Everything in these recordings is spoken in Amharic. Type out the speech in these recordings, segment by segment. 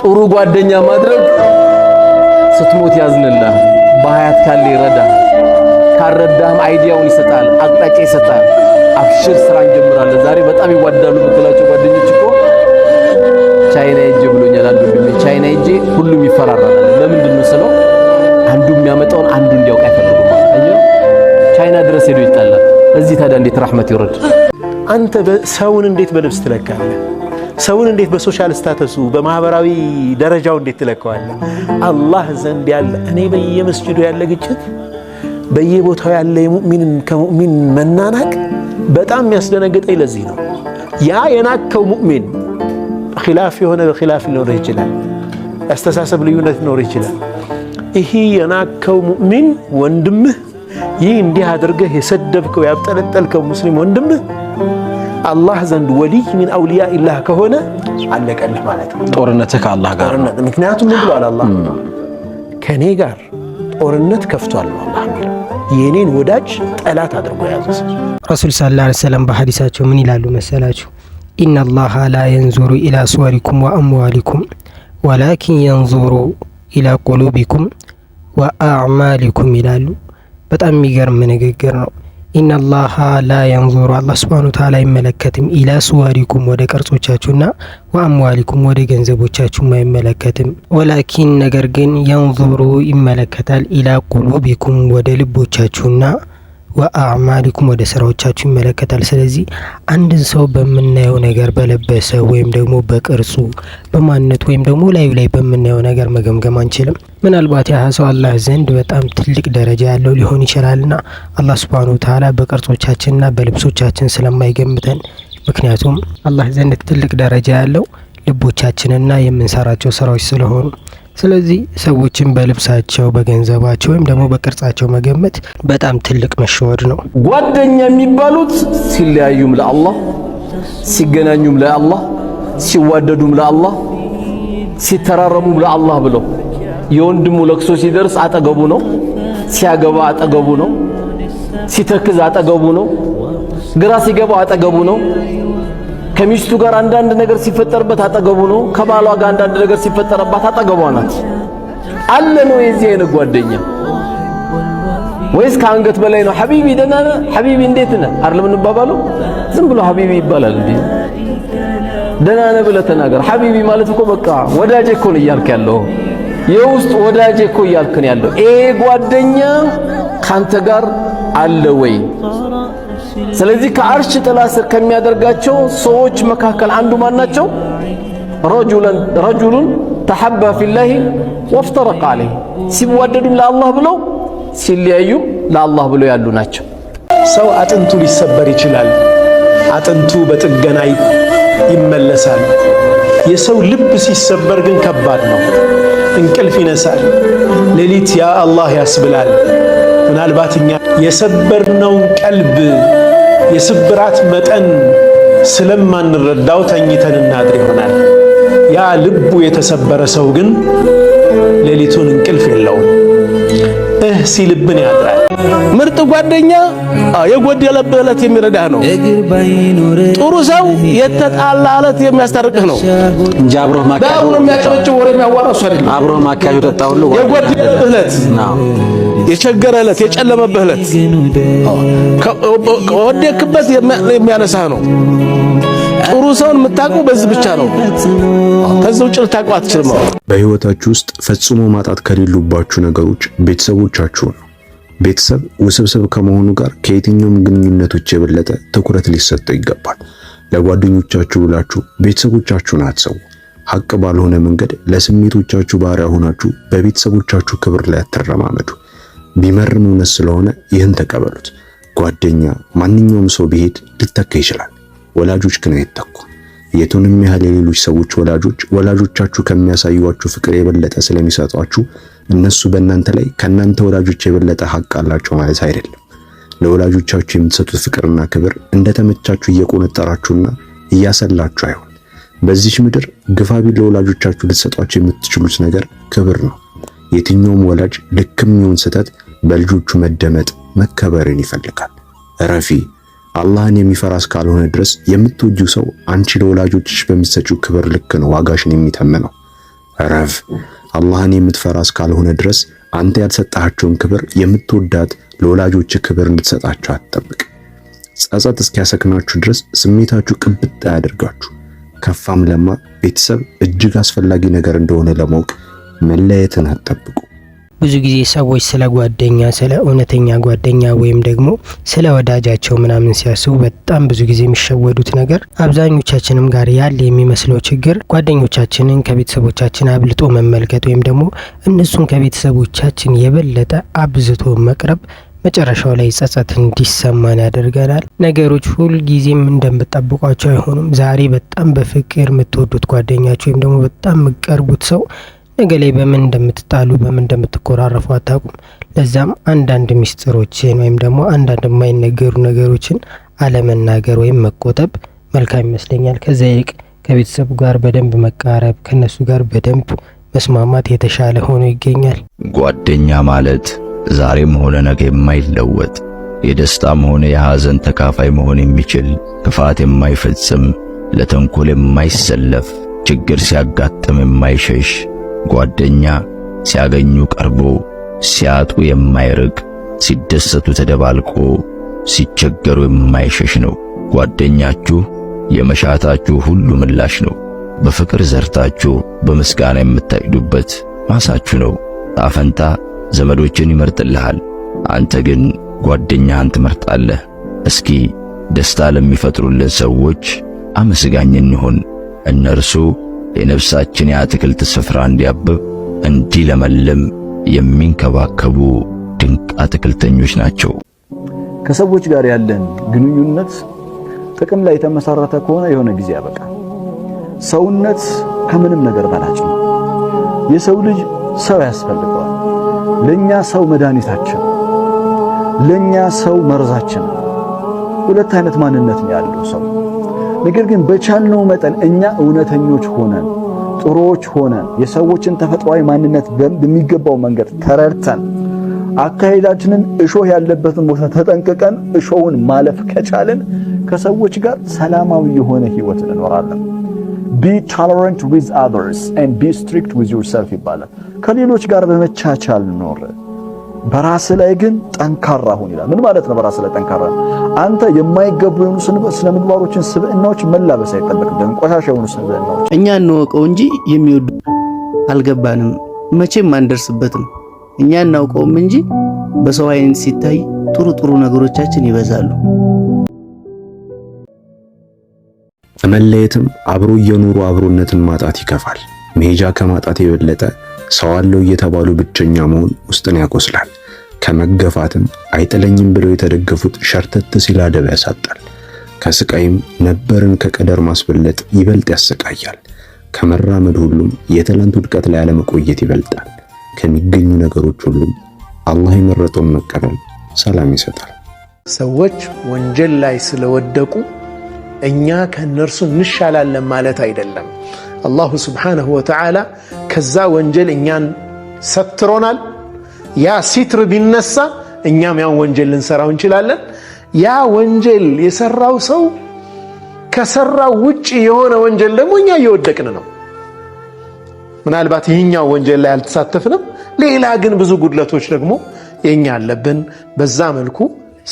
ጥሩ ጓደኛ ማድረግ ስትሞት ያዝንልህ፣ በሀያት ካለ ይረዳ፣ ካረዳህም አይዲያውን ይሰጣል፣ አቅጣጫ ይሰጣል። አብሽር ስራ እንጀምራለን። ዛሬ በጣም ይዋዳሉ ብትላቸው ጓደኞች እኮ ቻይና ሂጅ ብሎኛል አንዱ ቻይና ሂጅ፣ ሁሉም ይፈራራል። ለምንድን ነው ስለው አንዱ የሚያመጣውን አንዱ እንዲያውቅ አይፈልጉም። ቻይና ድረስ ሄዶ ይጣላል። እዚህ ታዲያ እንዴት ራህመት ይወርድ? አንተ ሰውን እንዴት በልብስ ትለካለህ? ሰውን እንዴት በሶሻል ስታተሱ በማህበራዊ ደረጃው እንዴት ትለከዋለ አላህ ዘንድ ያለ እኔ በየመስጅዱ ያለ ግጭት፣ በየቦታው ያለ የሙእሚን ከሙእሚን መናናቅ በጣም የሚያስደነግጠኝ ለዚህ ነው። ያ የናከው ሙእሚን ኪላፍ የሆነ በኪላፍ ሊኖር ይችላል። ያስተሳሰብ ልዩነት ሊኖር ይችላል። ይህ የናከው ሙእሚን ወንድምህ ይህ እንዲህ አድርገህ የሰደብከው ያብጠለጠልከው ሙስሊም ወንድምህ አላህ ዘንድ ወልይ ሚን አውሊያ ኢላህ ከሆነ አለቀልህ ማለት ነው ጦርነትህ ከአላህ ጋር። ምክንያቱም ምን ብሏል አላህ? ከእኔ ጋር ጦርነት ከፍቷል ነው አላህ የሚለው የእኔን ወዳጅ ጠላት አድርጎ የያዘ ሰው። ረሱል ሰለላሁ ዐለይሂ ወሰለም በሐዲሳቸው ምን ይላሉ መሰላችሁ? ኢነላሃ ላ የንዙሩ ኢላ ሱወሪኩም ወአምዋሊኩም ወላኪን የንዙሩ ኢላ ቁሉቢኩም ወአዕማሊኩም ይላሉ። በጣም የሚገርም ንግግር ነው። ኢናላሃ ላ ያንዙሩ አላህ ሱብሃነሁ ወተዓላ አይመለከትም፣ ኢላ ስዋሪኩም ወደ ቅርጾቻችሁና ወአምዋሊኩም ወደ ገንዘቦቻችሁም አይመለከትም። ወላኪን ነገር ግን ያንዙሩ ይመለከታል፣ ኢላ ቁሉቢኩም ወደ ልቦቻችሁና ወአዕማሊኩም ወደ ስራዎቻችሁ ይመለከታል። ስለዚህ አንድን ሰው በምናየው ነገር በለበሰ ወይም ደግሞ በቅርጹ በማንነት ወይም ደግሞ ላዩ ላይ በምናየው ነገር መገምገም አንችልም። ምናልባት ያህ ሰው አላህ ዘንድ በጣም ትልቅ ደረጃ ያለው ሊሆን ይችላልና አላህ ሱብሃነሁ ወተዓላ በቅርጾቻችንና በልብሶቻችን ስለማይገምተን ምክንያቱም አላህ ዘንድ ትልቅ ደረጃ ያለው ልቦቻችንና የምንሰራቸው ስራዎች ስለሆኑ ስለዚህ ሰዎችን በልብሳቸው፣ በገንዘባቸው ወይም ደግሞ በቅርጻቸው መገመት በጣም ትልቅ መሸወድ ነው። ጓደኛ የሚባሉት ሲለያዩም ለአላህ፣ ሲገናኙም ለአላህ፣ ሲዋደዱም ለአላህ፣ ሲተራረሙም ለአላህ ብለው የወንድሙ ለቅሶ ሲደርስ አጠገቡ ነው፣ ሲያገባ አጠገቡ ነው፣ ሲተክዝ አጠገቡ ነው፣ ግራ ሲገባ አጠገቡ ነው። ከሚስቱ ጋር አንዳንድ ነገር ሲፈጠርበት አጠገቡ ነው። ከባሏ ጋር አንዳንድ ነገር ሲፈጠርበት አጠገቧ ናት። አለ ነው የዚህ አይነት ጓደኛ ወይስ ከአንገት በላይ ነው? ሐቢቢ ደህና ነህ? ሐቢቢ እንዴት ነህ? አይደለም እንባባሉ። ዝም ብሎ ሐቢቢ ይባላል እንዴ? ደህና ነህ ብለህ ተናገር። ሐቢቢ ማለት እኮ በቃ ወዳጄ እኮ ነው እያልክ ያለው የውስጥ ወዳጄ እኮ እያልክ ነው ያለው። ይሄ ጓደኛ ካንተ ጋር አለ ወይ? ስለዚህ ከአርሽ ጥላ ስር ከሚያደርጋቸው ሰዎች መካከል አንዱ ማን ናቸው? ረጁሉን ተሐባ ፊላሂ ወፍተረቀ አለይህ ሲዋደዱም ለአላህ ብለው ሲለያዩም ለአላህ ብለው ያሉ ናቸው። ሰው አጥንቱ ሊሰበር ይችላል። አጥንቱ በጥገና ይመለሳል። የሰው ልብ ሲሰበር ግን ከባድ ነው። እንቅልፍ ይነሳል። ሌሊት ያ አላህ ያስብላል። ምናልባት እኛ የሰበርነውን ቀልብ የስብራት መጠን ስለማንረዳው ተኝተን እናድር ይሆናል። ያ ልቡ የተሰበረ ሰው ግን ሌሊቱን እንቅልፍ የለውም። እህ ሲልብን ያድራል። ምርጥ ጓደኛ የጎደለብህ ዕለት የሚረዳህ ነው። ጥሩ ሰው የተጣላ ዕለት የሚያስታርቅህ ነው እንጂ አብሮህ ማካሄዱ በአሁኑ የሚያጨበጭብ ወሬ የሚያዋራ እሱ አይደለም። አብሮህ ማካሄዱ ጠጣ ሁሉ የጎደለብህ ዕለት የቸገረ ዕለት፣ የጨለመብህ ዕለት ከወደክበት የሚያነሳህ ነው። ጥሩ ሰውን የምታውቀው በዚህ ብቻ ነው። ከዚህ ውጭ ልታውቀው አትችልም። በህይወታችሁ ውስጥ ፈጽሞ ማጣት ከሌሉባችሁ ነገሮች ቤተሰቦቻችሁ ነው። ቤተሰብ ውስብስብ ከመሆኑ ጋር ከየትኛውም ግንኙነቶች የበለጠ ትኩረት ሊሰጠው ይገባል። ለጓደኞቻችሁ ብላችሁ ቤተሰቦቻችሁን አትሰው። ሐቅ ባልሆነ መንገድ ለስሜቶቻችሁ ባሪያ ሆናችሁ በቤተሰቦቻችሁ ክብር ላይ አትረማመዱ። ቢመርም እውነት ስለሆነ ይህን ተቀበሉት። ጓደኛ፣ ማንኛውም ሰው ቢሄድ ሊተካ ይችላል። ወላጆች ግን አይተኩ። የቱንም ያህል የሌሎች ሰዎች ወላጆች ወላጆቻችሁ ከሚያሳዩዋችሁ ፍቅር የበለጠ ስለሚሰጧችሁ እነሱ በእናንተ ላይ ከእናንተ ወላጆች የበለጠ ሀቅ አላቸው ማለት አይደለም። ለወላጆቻችሁ የምትሰጡት ፍቅርና ክብር እንደተመቻችሁ እየቆነጠራችሁና እያሰላችሁ አይሆን። በዚች ምድር ግፋ ቢል ለወላጆቻችሁ ልትሰጧቸው የምትችሉት ነገር ክብር ነው። የትኛውም ወላጅ ልክም ይሁን ስህተት በልጆቹ መደመጥ መከበርን ይፈልጋል። እረፊ። አላህን የሚፈራ እስካልሆነ ድረስ የምትወጂው ሰው አንቺ ለወላጆችሽ በምትሰጪው ክብር ልክ ነው ዋጋሽን የሚተምነው። እረፍ። አላህን የምትፈራ እስካልሆነ ድረስ አንተ ያልሰጣቸውን ክብር የምትወዳት ለወላጆች ክብር እንድትሰጣቸው አትጠብቅ። ጸጸት እስኪያሰክናችሁ ድረስ ስሜታችሁ ቅብጥ አያደርጋችሁ። ከፋም ለማ ቤተሰብ እጅግ አስፈላጊ ነገር እንደሆነ ለማወቅ መለየትን አጠብቁ። ብዙ ጊዜ ሰዎች ስለ ጓደኛ ስለ እውነተኛ ጓደኛ ወይም ደግሞ ስለ ወዳጃቸው ምናምን ሲያስቡ በጣም ብዙ ጊዜ የሚሸወዱት ነገር አብዛኞቻችንም ጋር ያለ የሚመስለው ችግር ጓደኞቻችንን ከቤተሰቦቻችን አብልጦ መመልከት ወይም ደግሞ እነሱን ከቤተሰቦቻችን የበለጠ አብዝቶ መቅረብ መጨረሻው ላይ ጸጸት እንዲሰማን ያደርገናል። ነገሮች ሁል ጊዜም እንደምጠብቋቸው አይሆኑም። ዛሬ በጣም በፍቅር የምትወዱት ጓደኛችሁ ወይም ደግሞ በጣም የምቀርቡት ሰው ነገ ላይ በምን እንደምትጣሉ በምን እንደምትኮራረፉ አታውቁም። ለዛም አንዳንድ ሚስጥሮችን ወይም ደግሞ አንዳንድ የማይነገሩ ነገሮችን አለመናገር ወይም መቆጠብ መልካም ይመስለኛል። ከዛ ይልቅ ከቤተሰቡ ጋር በደንብ መቃረብ ከነሱ ጋር በደንብ መስማማት የተሻለ ሆኖ ይገኛል። ጓደኛ ማለት ዛሬም ሆነ ነገ የማይለወጥ የደስታም ሆነ የሐዘን ተካፋይ መሆን የሚችል ክፋት የማይፈጽም፣ ለተንኮል የማይሰለፍ፣ ችግር ሲያጋጥም የማይሸሽ ጓደኛ ሲያገኙ ቀርቦ ሲያጡ የማይርቅ ሲደሰቱ ተደባልቆ ሲቸገሩ የማይሸሽ ነው። ጓደኛችሁ የመሻታችሁ ሁሉ ምላሽ ነው። በፍቅር ዘርታችሁ በምስጋና የምታጭዱበት ማሳችሁ ነው። ጣፈንታ ዘመዶችን ይመርጥልሃል፣ አንተ ግን ጓደኛህን ትመርጣለህ። እስኪ ደስታ ለሚፈጥሩልን ሰዎች አመስጋኝ እንሆን። እነርሱ የነፍሳችን የአትክልት ስፍራ እንዲያብብ እንዲለመልም የሚንከባከቡ ድንቅ አትክልተኞች ናቸው። ከሰዎች ጋር ያለን ግንኙነት ጥቅም ላይ የተመሰረተ ከሆነ የሆነ ጊዜ ያበቃል። ሰውነት ከምንም ነገር በላጭ ነው። የሰው ልጅ ሰው ያስፈልገዋል። ለኛ ሰው መድኃኒታችን፣ ለኛ ሰው መርዛችን። ሁለት አይነት ማንነት ነው ያለው ሰው ነገር ግን በቻልነው መጠን እኛ እውነተኞች ሆነን ጥሩዎች ሆነን የሰዎችን ተፈጥሯዊ ማንነት በሚገባው መንገድ ተረድተን አካሄዳችንን እሾህ ያለበትን ቦታ ተጠንቅቀን እሾውን ማለፍ ከቻልን ከሰዎች ጋር ሰላማዊ የሆነ ህይወት እንኖራለን። be tolerant with others and be strict with yourself ይባላል። ከሌሎች ጋር በመቻቻል ኖር። በራስ ላይ ግን ጠንካራ ሁን ይላል። ምን ማለት ነው? በራስ ላይ ጠንካራ አንተ የማይገቡ የሆኑ ስነ ምግባሮችን፣ ስብዕናዎች መላበስ አይጠበቅብህም። ቆሻሻ የሆኑ ስብዕናዎች እኛ እናውቀው እንጂ የሚወዱ አልገባንም፣ መቼም አንደርስበትም። እኛ እናውቀውም እንጂ በሰው አይን ሲታይ ጥሩ ጥሩ ነገሮቻችን ይበዛሉ። መለየትም አብሮ የኑሮ አብሮነትን ማጣት ይከፋል። መሄጃ ከማጣት የበለጠ ሰው አለው እየተባሉ ብቸኛ መሆን ውስጥን ያቆስላል። ከመገፋትም አይጥለኝም ብለው የተደገፉት ሸርተት ሲል አደብ ያሳጣል። ከስቃይም ነበርን ከቀደር ማስበለጥ ይበልጥ ያሰቃያል። ከመራመድ ሁሉም የትላንት ውድቀት ላይ አለመቆየት ይበልጣል። ከሚገኙ ነገሮች ሁሉም አላህ የመረጠውን መቀበል ሰላም ይሰጣል። ሰዎች ወንጀል ላይ ስለወደቁ እኛ ከእነርሱ እንሻላለን ማለት አይደለም። አላሁ ስብሓነሁ ወተዓላ ከዛ ወንጀል እኛን ሰትሮናል። ያ ሲትር ቢነሳ እኛም ያን ወንጀል ልንሰራው እንችላለን። ያ ወንጀል የሰራው ሰው ከሰራው ውጭ የሆነ ወንጀል ደግሞ እኛ እየወደቅን ነው። ምናልባት ይህኛው ወንጀል ላይ አልተሳተፍንም፣ ሌላ ግን ብዙ ጉድለቶች ደግሞ የኛ አለብን። በዛ መልኩ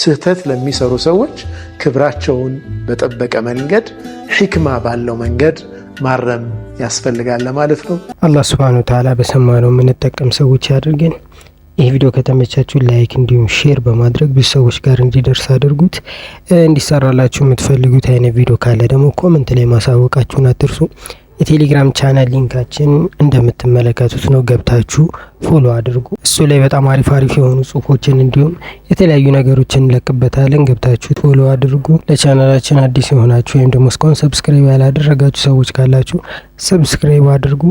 ስህተት ለሚሰሩ ሰዎች ክብራቸውን በጠበቀ መንገድ ሒክማ ባለው መንገድ ማረም ያስፈልጋል ለማለት ነው። አላህ ስብሐነሁ ወተዓላ በሰማነው የምንጠቀም ሰዎች ያድርገን። ይህ ቪዲዮ ከተመቻችሁ ላይክ እንዲሁም ሼር በማድረግ ብዙ ሰዎች ጋር እንዲደርስ አድርጉት። እንዲሰራላችሁ የምትፈልጉት አይነት ቪዲዮ ካለ ደግሞ ኮመንት ላይ ማሳወቃችሁን አትርሱ። የቴሌግራም ቻናል ሊንካችን እንደምትመለከቱት ነው። ገብታችሁ ፎሎ አድርጉ። እሱ ላይ በጣም አሪፍ አሪፍ የሆኑ ጽሁፎችን እንዲሁም የተለያዩ ነገሮችን እንለቅበታለን። ገብታችሁ ፎሎ አድርጉ። ለቻናላችን አዲስ የሆናችሁ ወይም ደግሞ እስካሁን ሰብስክራይብ ያላደረጋችሁ ሰዎች ካላችሁ ሰብስክራይብ አድርጉ።